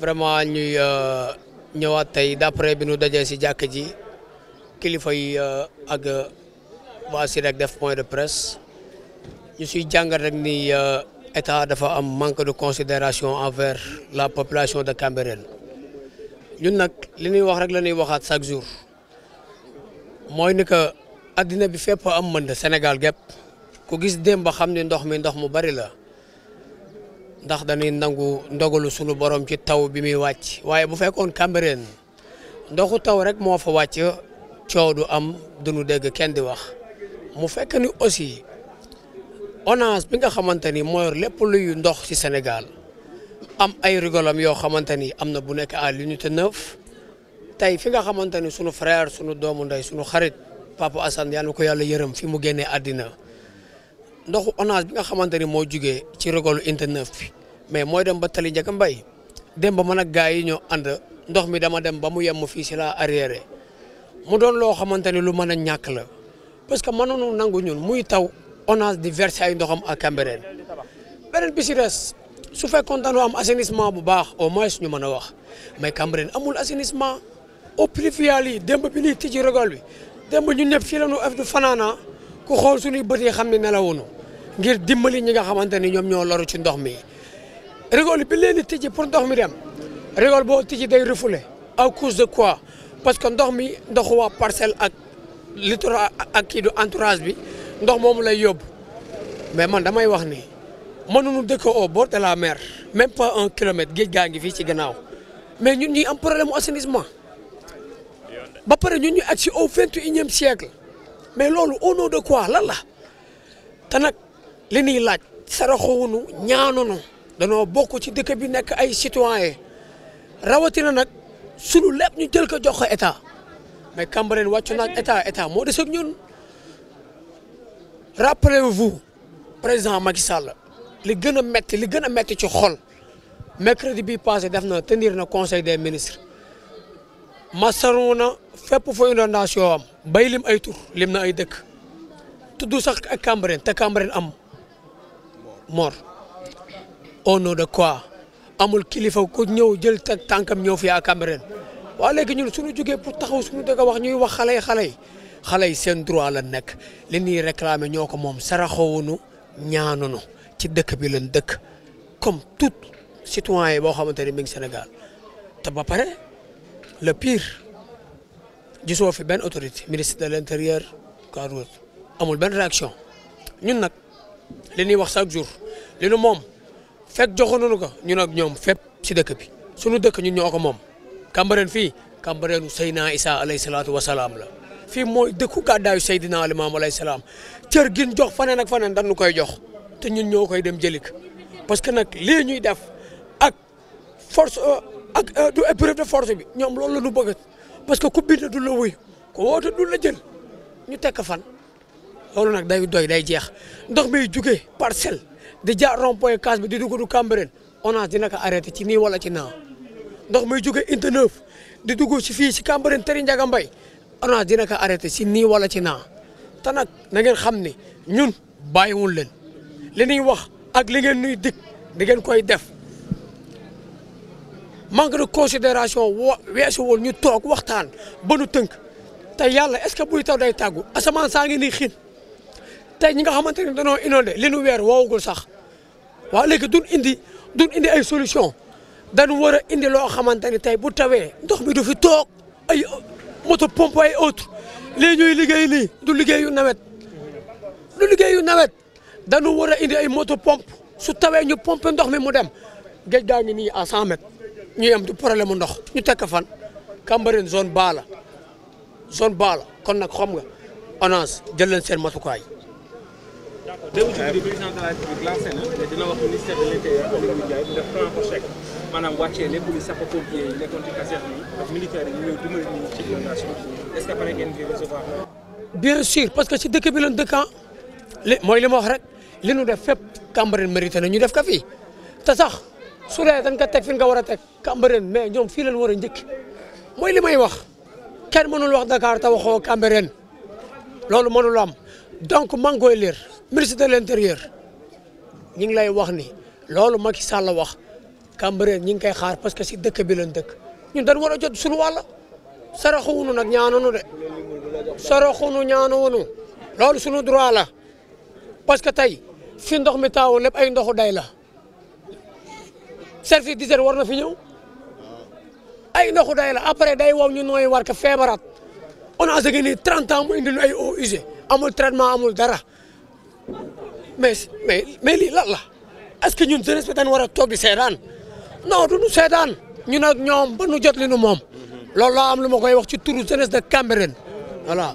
vraiment ñuy euh, ñëwaat tey d'après bi nu dajee si jàkk ji kilifa yi euh, ak euh, waa SIREC def point de presse ñu si jàngat rek ni état dafa am manque de considération envers la population de Cambérène ñun nag li ñuy wax rek la ñuy waxaat chaque jour mooy ni que addina bi fépp am mën Sénégal gépp ku gis démb ba xam ni ndox mi ndox mu bari la. ndax dañuy nangu ndogalu sunu borom ci taw bi muy wàcc waaye bu fekkoon Cambérène ndoxu taw rek moo fa wàcc coow du am duñu dégg kenn di wax mu fekk ni aussi ONAS bi nga xamante ni moo lépp luy ndox ci Sénégal am ay rigolam yoo xamante ni am na bu nekk à l'unité 9 tey fi nga xamante ni sunu frère sunu doomu ndey sunu xarit papa assan yàlla ko yàlla yërëm fi mu génnee àddina ndoxu ONAS bi nga xamante ni moo jugee ci rigolu interneuf bi mais mooy dem ba tali njëkk mbay dem ba mën a gaa yi ñoo ànd ndox mi dama dem ba mu yemm fii si la arrière mu doon loo xamante ni lu mën a ñàkk la parce que mënoonu nangu ñun muy taw ONAS di verser ay ndoxam ak Cambérène beneen bi si des su fekkoon dañoo am assainissement bu baax au moins ñu mën a wax mais Cambérène amul assainissement eaux pluviales yi démb bi liy tijji rigole bi démb ñu ñëpp fii la ñu du fanaana ku xool suñuy bët yi xam ne nelawuñu ngir dimbali ñi nga xamante ni ñoom ñoo loru ci ndox mi rigole bi leen di pour ndox mi dem rigole boo tijji day refoulé à cause de quoi parce que ndox mi ndoxu waa parcelle ak littoral ak kii du entourage bi ndox moomu lay yóbbu mais man damay wax ni mënuñu dëkkoo au bord de la mer même pas un kilomètre géej gaa ngi fii ci gannaaw mais ñun ñuy am problème mu assainissement ba pare ñun ñu agsi au vingt et siècle mais loolu au nom de quoi lan la te nag li ñuy laaj saraxuwunu ñaanunu danoo bokk ci dëkk bi nekk ay citoyen rawatina nag sunu lépp ñu jël ko jox ko état mais Cambérène wàccu naag état état moo des ak ñun rappelez-vous président Macky Sall li gën a metti li gën a metti ci xol mercredi bi passé def na te tenir na conseil des ministres masaru na fépp fa inondation am bay lim ay tur lim na ay dëkk tuddu sax ak Cambérène te Cambérène am mort au nom de quoi amul kilifa ku ñëw jël teg tànkam ñëw fii à Cambérène waa léegi ñun suñu jógee pour taxaw suñu dëkk wax ñuy wax xale yi xale yi xale yi seen droit la nekk li ñuy réclamer ñoo ko moom saraxawunu ñaanunu ci dëkk bi lañ dëkk comme tout citoyen boo xamante ni mi ngi Sénégal te pare. le pire gisoo fi benn autorité ministre de l' intérieur Karoor amul benn réaction ñun nag li ñuy wax chaque jour li nu moom fekk joxoonu ko ñun ak ñoom fépp si dëkk bi sunu dëkk ñun ñoo ko moom. Cambérène fii Cambérène Seydina Isa alayhi salaatu wa salaam la fii mooy dëkku gàddaayu Seydina Limaam alayhi salaam cër gin jox faneen ak faneen dañu koy jox te ñun ñoo koy dem jëlik parce que nag lii ñuy def ak force. Euh, ak euh, du épreuve de force bi ñoom loolu la ñu bëgg parce que ku bind du la wuy ku woote du la jël ñu tekk fan loolu nag day doy day jeex ndox mi jugee parcelle di jaar rond point bi di dugg du Cambérène ONAS dina ko arrêté ci nii wala ci naa ndox mi jugee unité di dugg si fii si Cambérène teri Ndiaga Mbaye ONAS dina ko arrêté si nii wala ci te nag na xam ni ñun bàyyiwul leen li ñuy wax ak li ngeen nuy dig di ngeen koy def. manque de considération woo weesuwul ñu toog waxtaan ba nu tënk te yàlla est-ce que buy taw day tàggu asamaan saa ngi nii xiin tey ñi nga xamante ne dañoo inondé li nu weer woowagul sax waaw léegi duñ indi duñ indi ay solution dañu war indi loo xamante ni tey bu tawee ndox mi du fi toog ay moto pompe ay autre lii ñuy liggéey nii du liggéeyu nawet du liggéeyu nawet dañu war a indi ay moto pompe su tawee ñu pompe ndox mi mu dem géej gaa ngi nii à 100 ñuy am du problème mu ndox ñu tekk fan Cambérène zone ba zone ba kon nag xam nga ONAS jël seen matukaay. d'accord démb ci ci caserne yi ak bien sûr parce que si dëkk bi lan dëkkan ah. li mooy li ma wax rek li nu def fépp Cambérène mérité na ñu def ka fii te sax. su dee nga ko teg fi nga war a teg Cambérène mais ñoom fii leen war a njëkk mooy li may wax kenn mënul wax Dakar te waxoo Cambérène loolu mënul am donc maa ngi koy leer ministre de l'intérieur ñi ngi lay wax ni loolu ma ki Sall wax Cambérène ñi ngi koy xaar parce que si dëkk bi leen dëkk ñun dañ war a jot suñu wàll saraxuwunu nag ñaanunu de ñaan ñaanuwunu loolu suñu droit la parce que tey fi ndox mi taawu lépp ay ndoxu day la service d'hygiène war na fi ñëw ay ndoxu day la après day wow ñu nooy war ka feebaraat on a ce ni 30 ans mu indi ñu ay eaux usées amul traitement amul dara mais mais mais lii lan la est que ñun jeunesse bi war a toog di seedaan non du ñu seedaan ñu nag ñoom ba nu jot li nu moom loolu laa am lu moo koy wax ci turu jeunesse de Cambérène voilà.